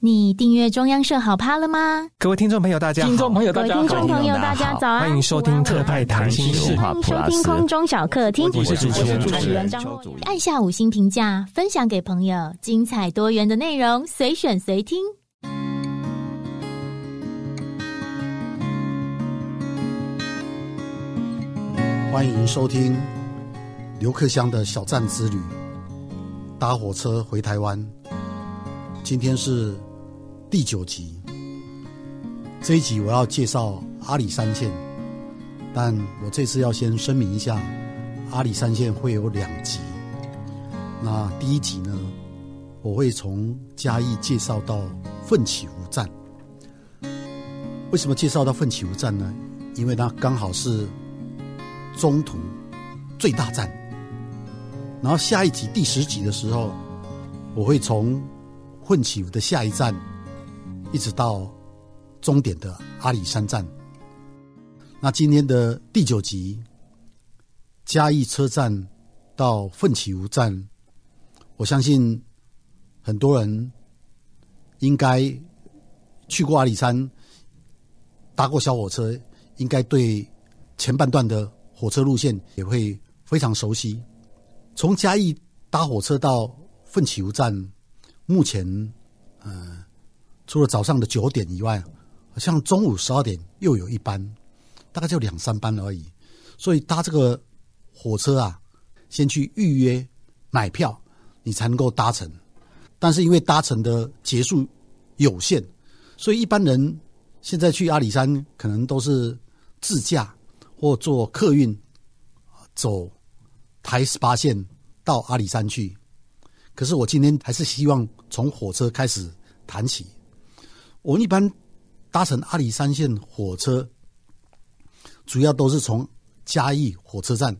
你訂閱中央社好 POD 了嗎？各位聽眾朋友，大家聽眾朋友大家，朋友大家好早安！歡迎收聽特派談心事，歡迎收聽空眾中小客廳。我，我是主持人張浩，按下五星評價，分享給朋友，精彩多元的內容，隨選隨聽。歡迎收聽劉克襄的小站之旅，搭火車回台灣。今天是。第九集，這一集我要介紹阿里山線，但我這次要先聲明一下，阿里山線會有兩集。那第一集呢，我會從嘉義介紹到奮起湖站。為什麼介紹到奮起湖站呢？因為它剛好是中途最大站。然後下一集第十集的時候，我會從奮起湖的下一站。一直到終點的阿里山站。那今天的第九集，嘉義車站到奮起湖站，我相信很多人應該去過阿里山，搭過小火車，應該對前半段的火車路線也會非常熟悉。從嘉義搭火車到奮起湖站，目前，嗯、呃。除了早上的九點以外，好像中午十二點又有一班，大概就兩三班而已。所以搭這個火車啊，先去預約買票，你才能夠搭乘。但是因為搭乘的結束有限，所以一般人現在去阿里山可能都是自駕或坐客運，走台十八線到阿里山去。可是我今天還是希望從火車開始談起。我一般搭乘阿里山線火車，主要都是從嘉義火車站，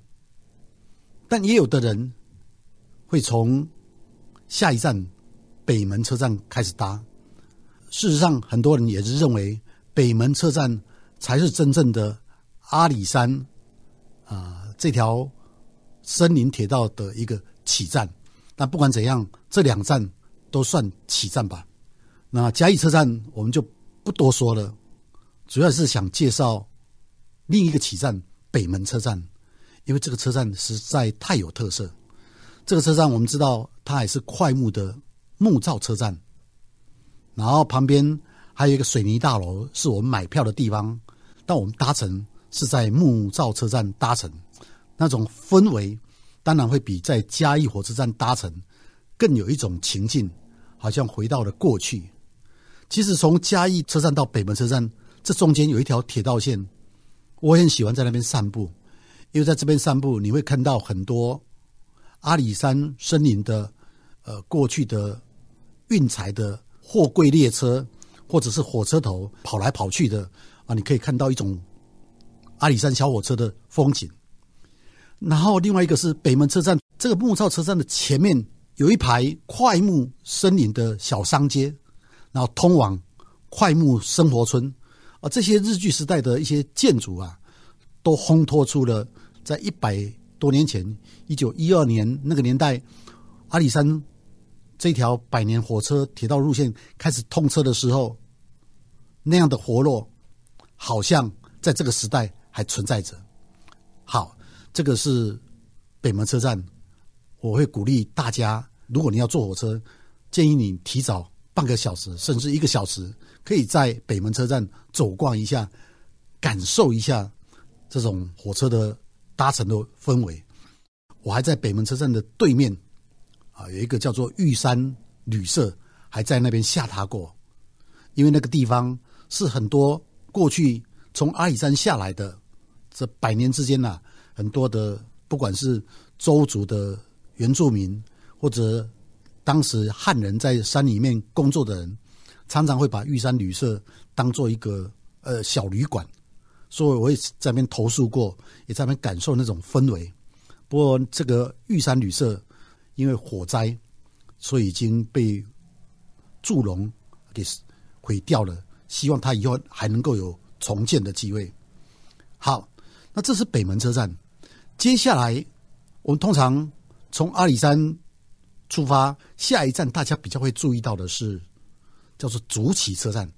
但也有的人會從下一站北門車站開始搭。事實上，很多人也是認為北門車站才是真正的阿里山啊這條森林鐵道的一個起站。但不管怎樣，這兩站都算起站吧。那嘉義車站我們就不多說了，主要是想介紹另一個起站北門車站，因為這個車站實在太有特色。這個車站我們知道，它還是檜木的木造車站，然後旁邊還有一個水泥大樓，是我們買票的地方。但我們搭乘是在木造車站搭乘，那種氛圍當然會比在嘉義火車站搭乘更有一種情境，好像回到了過去。其實從嘉義車站到北門車站，這中間有一條鐵道線，我很喜歡在那邊散步，因為在這邊散步，你會看到很多阿里山森林的，呃，過去的運材的貨櫃列車，或者是火車頭跑來跑去的，啊，你可以看到一種阿里山小火車的風景。然後另外一個是北門車站，這個木造車站的前面有一排快木森林的小商街。然後通往檜木生活村啊，這些日據時代的一些建築啊，都烘托出了在一百多年前，一九一二年那個年代，阿里山這條百年火車鐵道路線開始通車的時候，那樣的活絡，好像在這個時代還存在着。好，這個是北門車站，我會鼓勵大家，如果你要坐火車，建議你提早。半個小時，甚至一個小時，可以在北門車站走逛一下，感受一下這種火車的搭乘的氛圍。我還在北門車站的對面啊，有一個叫做玉山旅社，還在那邊下榻過。因為那個地方是很多過去從阿里山下來的，這百年之間吶、啊，很多的不管是鄒族的原住民或者。當時漢人在山裡面工作的人，常常會把玉山旅社當做一個呃小旅館，所以我也在那邊投宿過，也在那邊感受那種氛圍。不過這個玉山旅社因為火災，所以已經被祝融給毀掉了。希望他以後還能夠有重建的機會。好，那這是北門車站。接下來我們通常從阿里山。出發下一站，大家比較會注意到的是，叫做竹崎車站，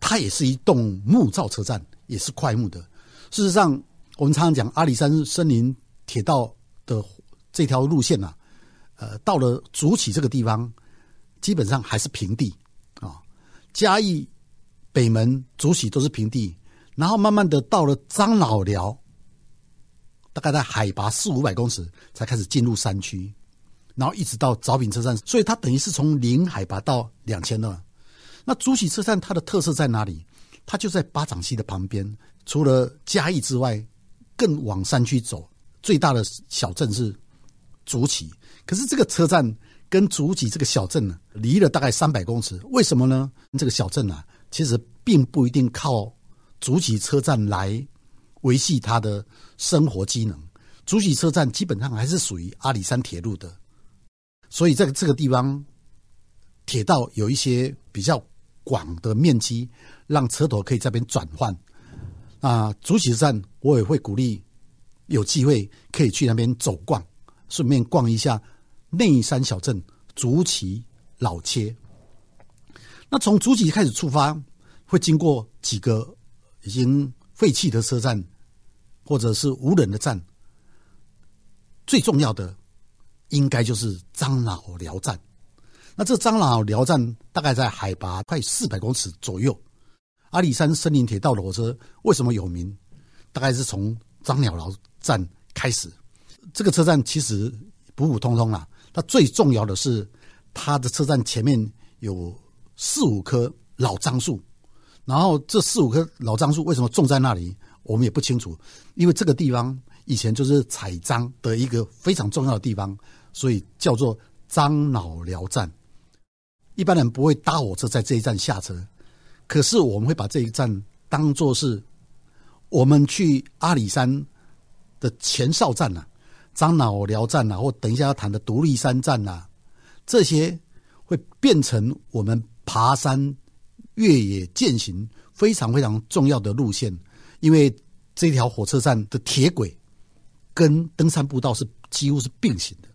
它也是一棟木造車站，也是檜木的。事實上，我們常常講阿里山森林鐵道的這條路線啊，呃，到了竹崎這個地方，基本上還是平地啊、哦。嘉義北門、竹崎都是平地，然後慢慢的到了樟腦寮，大概在海拔四五百公尺，才開始進入山區。然後一直到沼平車站，所以它等於是從零海拔到兩千多。那竹崎車站它的特色在哪裡？它就在八掌溪的旁邊，除了嘉義之外，更往山區走。最大的小鎮是竹崎，可是這個車站跟竹崎這個小鎮呢，離了大概三百公尺。為什麼呢？這個小鎮啊，其實並不一定靠竹崎車站來維繫它的生活機能。竹崎車站基本上還是屬於阿里山鐵路的。所以在這個地方，鐵道有一些比較廣的面積，讓車頭可以在這邊轉換。啊，竹崎站我也會鼓勵有機會可以去那邊走逛，順便逛一下內山小鎮竹崎老街。那從竹崎開始出發，會經過幾個已經廢棄的車站，或者是無人的站。最重要的。應該就是樟腦寮站。那這樟腦寮站大概在海拔快四百公尺左右。阿里山森林鐵道的火車為什麼有名？大概是從樟腦寮站開始。這個車站其實普普通通啦、啊。它最重要的是，它的車站前面有四五棵老樟樹。然後這四五棵老樟樹為什麼種在那裡？我們也不清楚。因為這個地方以前就是採樟的一個非常重要的地方。所以叫做樟腦寮站，一般人不會搭火車在這一站下車，可是我們會把這一站當作是我們去阿里山的前哨站吶，樟腦寮站吶、啊，或等一下要談的獨立山站吶、啊，這些會變成我們爬山越野健行非常非常重要的路線，因為這條火車站的鐵軌跟登山步道是幾乎是並行的。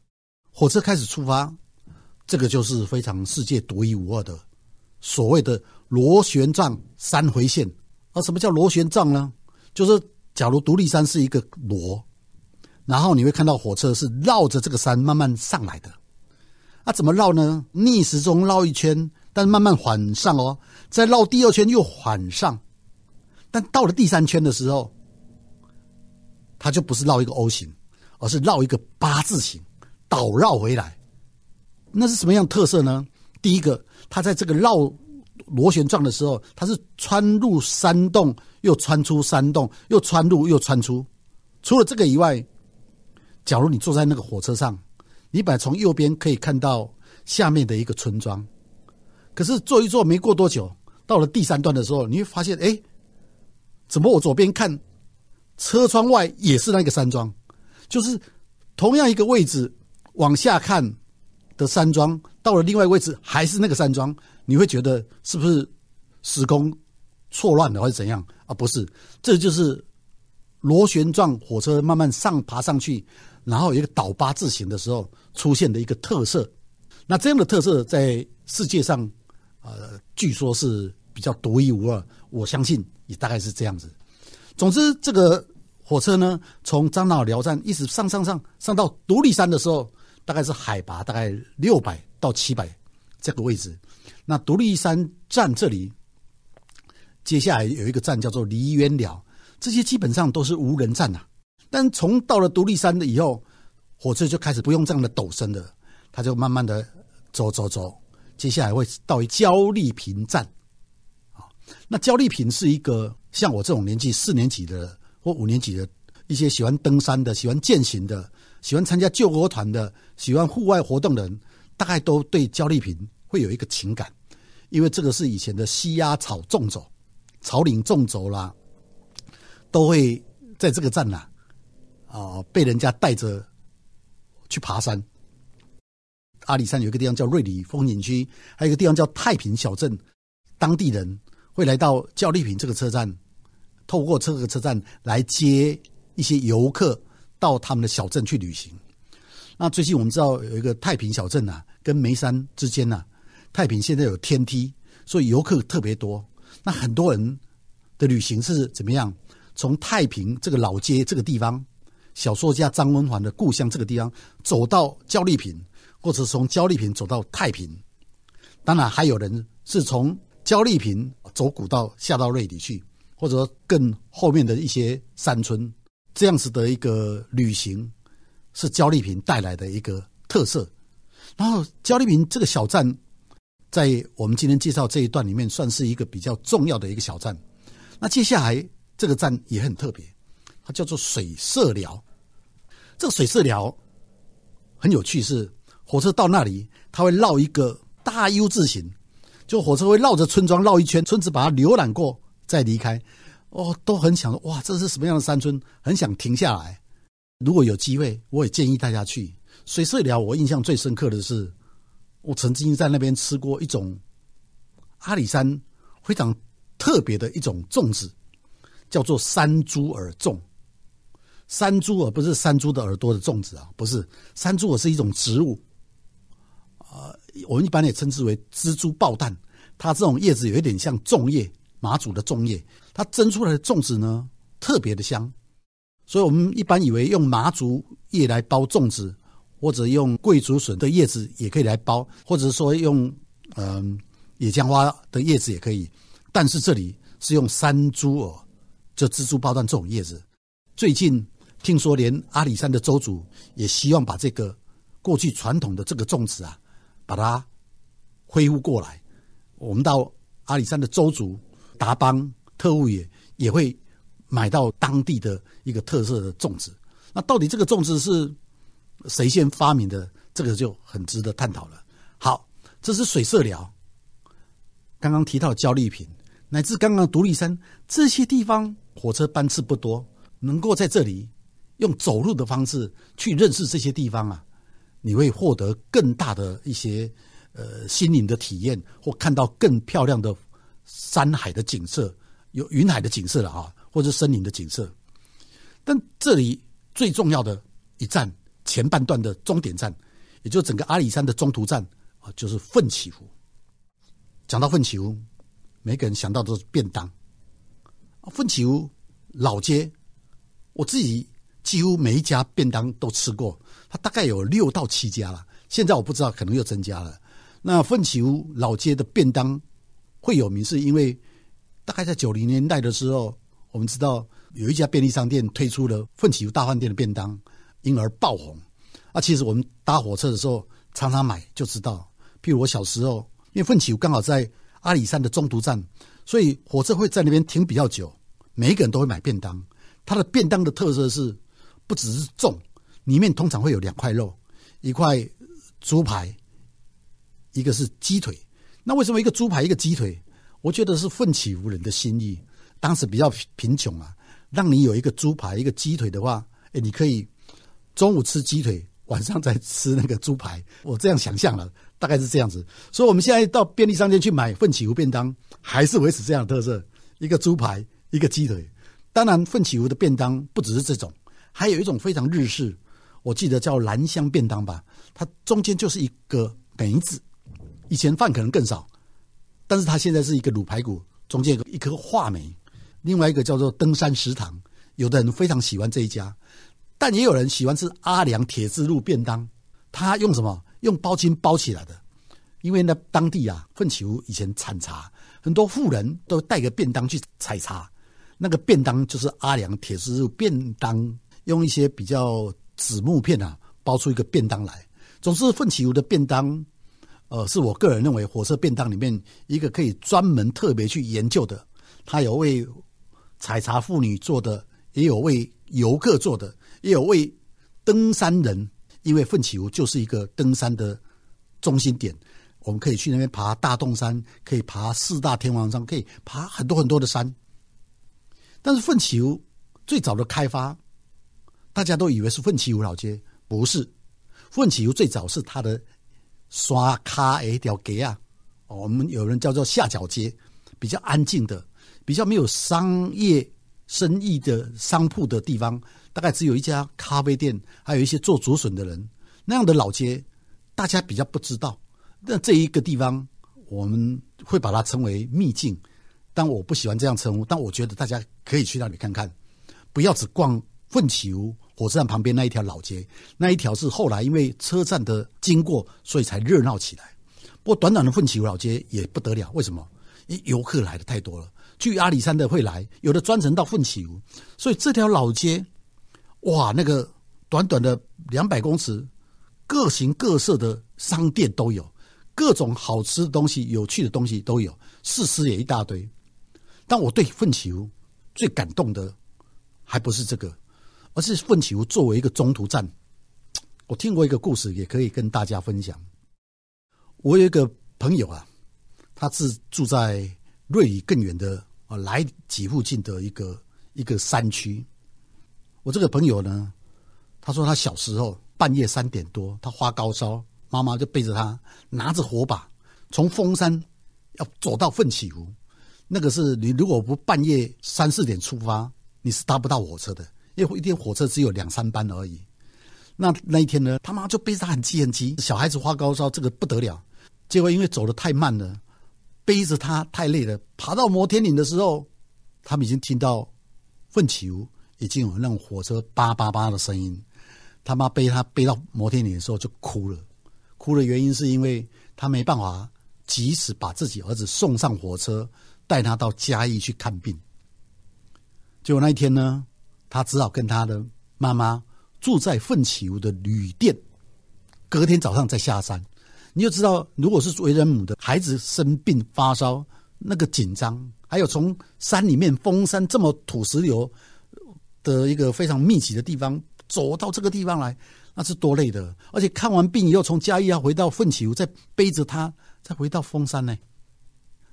火車開始出發，這個就是非常世界獨一無二的所謂的螺旋狀三回線。而、啊、什麼叫螺旋狀呢？就是假如獨立山是一個螺，然後你會看到火車是繞着這個山慢慢上來的。啊，怎麼繞呢？逆時鐘繞一圈，但慢慢緩上哦。再繞第二圈又緩上，但到了第三圈的時候，它就不是繞一個 O 型，而是繞一個八字形。倒繞回來，那是什麼樣的特色呢？第一個，它在這個繞螺旋狀的時候，它是穿入山洞，又穿出山洞，又穿入，又穿出。除了這個以外，假如你坐在那個火車上，你本來從右邊可以看到下面的一個村莊，可是坐一坐，沒過多久，到了第三段的時候，你會發現，哎，怎麼我左邊看車窗外也是那個山莊，就是同樣一個位置。往下看的山莊到了另外位置還是那個山莊，你會覺得是不是時空錯亂了，或者怎樣啊？不是，這就是螺旋狀火車慢慢上爬上去，然後一個倒八字形的時候出現的一個特色。那這樣的特色在世界上，呃，據說是比較獨一無二。我相信也大概是這樣子。總之，這個火車呢，從樟腦寮站一直上上上上到獨立山的時候。大概是海拔大概六百到七百這個位置，那獨立山站這裡，接下來有一個站叫做梨園寮，這些基本上都是無人站吶、啊。但從到了獨立山的以後，火車就開始不用這樣的陡升了，它就慢慢的走走走，接下來會到交力坪站。那交力坪是一個像我這種年紀四年級的或五年級的，一些喜歡登山的、喜歡健行的。喜歡參加救國團的、喜歡戶外活動的人，大概都對交力坪會有一個情感，因為這個是以前的溪阿草縱走、草嶺縱走啦，都會在這個站吶、啊，啊、呃，被人家帶着去爬山。阿里山有一個地方叫瑞里風景區，還有一個地方叫太平小鎮，當地人會來到交力坪這個車站，透過這個車站來接一些遊客。到他們的小鎮去旅行。那最近我們知道有一個太平小鎮啊，跟梅山之間啊，太平現在有天梯，所以遊客特別多。那很多人的旅行是怎麼樣？從太平這個老街這個地方，小說家張文環的故鄉這個地方，走到交力坪，或者是從交力坪走到太平。當然還有人是從交力坪走古道下到瑞里去，或者更後面的一些山村。這樣子的一個旅行是交力坪帶來的一個特色。然後交力坪這個小站，在我們今天介紹這一段裡面，算是一個比較重要的一個小站。那接下來這個站也很特別，它叫做水社寮。這個水社寮很有趣，是火車到那裡，它會繞一個大 U 字型，就火車會繞着村莊繞一圈，村子把它瀏覽過再離開。哦，都很想說，哇，這是什麼樣的山村？很想停下來。如果有機會，我也建議大家去水社寮。我印象最深刻的是，我曾經在那邊吃過一種阿里山非常特別的一種粽子，叫做山豬耳粽。山豬耳不是山豬的耳朵的粽子啊，不是，山豬耳是一種植物，啊、呃，我們一般也稱之為蜘蛛抱蛋。它這種葉子有一點像粽葉。麻竹的粽葉，它蒸出來的粽子呢，特別的香，所以我們一般以為用麻竹葉來包粽子，或者用桂竹筍的葉子也可以來包，或者說用嗯、呃、野薑花的葉子也可以。但是這裡是用山豬耳，這、哦、蜘蛛抱蛋這種葉子。最近聽說，連阿里山的鄒族也希望把這個過去傳統的這個粽子啊，把它恢復過來。我們到阿里山的鄒族，達邦特務也也會買到當地的一個特色的粽子。那到底這個粽子是誰先發明的？這個就很值得探討了。好，這是水社寮。剛剛提到交力坪，乃至剛剛獨立山這些地方，火車班次不多，能夠在這裡用走路的方式去認識這些地方啊，你會獲得更大的一些呃心靈的體驗，或看到更漂亮的。山海的景色，有雲海的景色了啊，或者是森林的景色。但這裡最重要的一站，前半段的終點站，也就是整個阿里山的中途站啊，就是奮起湖。講到奮起湖，每個人想到都是便當。奮起湖老街，我自己幾乎每一家便當都吃過，它大概有六到七家了，現在我不知道，可能又增加了。那奮起湖老街的便當，會有名是因為，大概在九零年代的時候，我們知道有一家便利商店推出了奮起湖大飯店的便當，因而爆紅。啊，其實我們搭火車的時候常常買就知道。比如我小時候，因為奮起湖剛好在阿里山的中途站，所以火車會在那邊停比較久，每一個人都會買便當。它的便當的特色是不只是重，裡面通常會有兩塊肉，一塊豬排，一個是雞腿。那為什麼一個豬排一個雞腿？我覺得是奮起湖人的心意。當時比較貧窮啊，讓你有一個豬排一個雞腿的話，哎，你可以中午吃雞腿，晚上再吃那個豬排。我這樣想象了，大概是這樣子。所以我們現在到便利商店去買奮起湖便當，還是維持這樣的特色：一個豬排，一個雞腿。當然，奮起湖的便當不只是這種，還有一種非常日式，我記得叫蘭香便當吧，它中間就是一個梅子。以前飯可能更少，但是他現在是一個滷排骨，中間有一顆話梅，另外一個叫做登山食堂，有的人非常喜歡這一家，但也有人喜歡吃阿良鐵枝路便當。他用什麼？用包巾包起來的，因為那當地啊，奮起湖以前產茶，很多婦人都帶個便當去採茶，那個便當就是阿良鐵枝路便當，用一些比較紙木片啊，包出一個便當來。總之，奮起湖的便當。呃，是我個人認為火車便當裡面一個可以專門特別去研究的。他有為採茶婦女做的，也有為遊客做的，也有為登山人。因為奮起湖就是一個登山的中心點，我們可以去那邊爬大洞山，可以爬四大天王山，可以爬很多很多的山。但是奮起湖最早的開發，大家都以為是奮起湖老街，不是。奮起湖最早是它的。刷卡誒，一條街啊，我們有人叫做下腳街，比較安靜的，比較沒有商業生意的商鋪的地方，大概只有一家咖啡店，還有一些做竹筍的人，那樣的老街，大家比較不知道。那這一個地方，我們會把它稱為秘境，但我不喜歡這樣稱呼，但我覺得大家可以去那裡看看，不要只逛奮起湖。火車站旁邊那一條老街，那一條是後來因為車站的經過，所以才熱鬧起來。不過短短的奮起湖老街也不得了，為什麼？遊客來的太多了，去阿里山的會來，有的專程到奮起湖，所以這條老街，哇，那個短短的兩百公尺，各行各色的商店都有，各種好吃的東西、有趣的東西都有，試吃也一大堆。但我對奮起湖最感動的，還不是這個。而是奮起湖作為一個中途站，我聽過一個故事，也可以跟大家分享。我有一個朋友啊，他是住在瑞里更遠的啊來吉附近的一個一個山區。我這個朋友呢，他說他小時候半夜三點多，他發高燒，媽媽就背着他拿着火把從豐山要走到奮起湖。那個是你如果不半夜三四點出發，你是搭不到火車的。因為一天火車只有兩三班而已，那那一天呢，他媽就背着他很急很急，小孩子發高燒這個不得了。結果因為走得太慢了，背着他太累了。爬到摩天嶺的時候，他們已經聽到奮起湖已經有那種火車叭叭叭的聲音。他媽背他背到摩天嶺的時候就哭了，哭的原因是因為他沒辦法及時把自己兒子送上火車，帶他到嘉義去看病。結果那一天呢，他只好跟他的媽媽住在奮起湖的旅店，隔天早上再下山。你就知道，如果是為人母的孩子生病發燒，那個緊張，還有，從山裡面豐山這麼土石流的一個非常密集的地方走到這個地方來，那是多累的。而且看完病以後，從嘉義要回到奮起湖，再背着他再回到豐山呢，欸。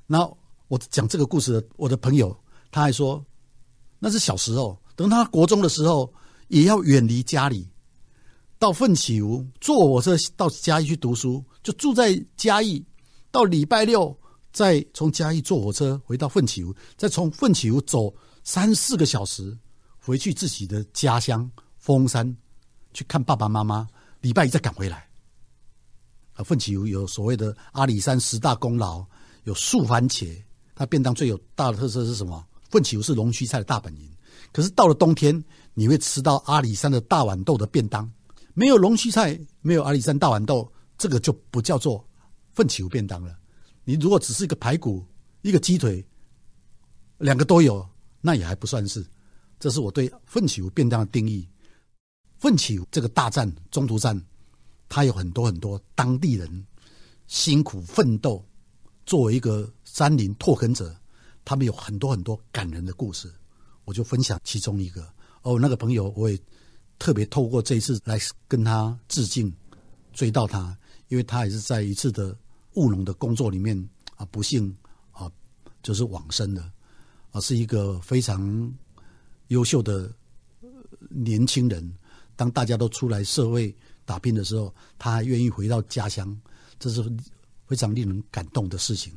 然後我講這個故事的，我的朋友他還說，那是小時候。等他國中的時候，也要遠離家裡，到奮起湖坐火車到嘉義去讀書，就住在嘉義。到禮拜六再從嘉義坐火車回到奮起湖，再從奮起湖走三四個小時回去自己的家鄉豐山去看爸爸媽媽。禮拜一再趕回來。啊，奮起湖有所謂的阿里山十大功勞，有樹番茄。他便當最有大的特色是什麼？奮起湖是龍鬚菜的大本營。可是到了冬天，你會吃到阿里山的大豌豆的便當，沒有龍鬚菜，沒有阿里山大豌豆，這個就不叫做奮起湖便當了。你如果只是一個排骨、一個雞腿，兩個都有，那也還不算是。這是我對奮起湖便當的定義。奮起湖這個大站中途站，它有很多很多當地人辛苦奮鬥，作為一個山林拓墾者，他們有很多很多感人的故事。我就分享其中一個，哦，那個朋友，我也特別透過這一次來跟他致敬，追悼他，因為他也是在一次的務農的工作裡面啊，不幸啊，就是往生的，啊，是一個非常優秀的年輕人。當大家都出來社會打拼的時候，他還願意回到家鄉，這是非常令人感動的事情。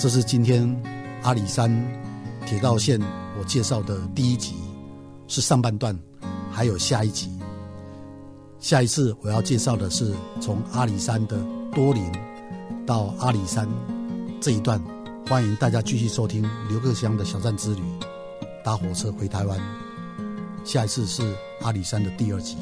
這是今天阿里山鐵道線，我介紹的第一集是上半段，還有下一集。下一次我要介紹的是從阿里山的多林到阿里山這一段，歡迎大家繼續收聽劉克襄的小站之旅，搭火車回台灣。下一次是阿里山的第二集。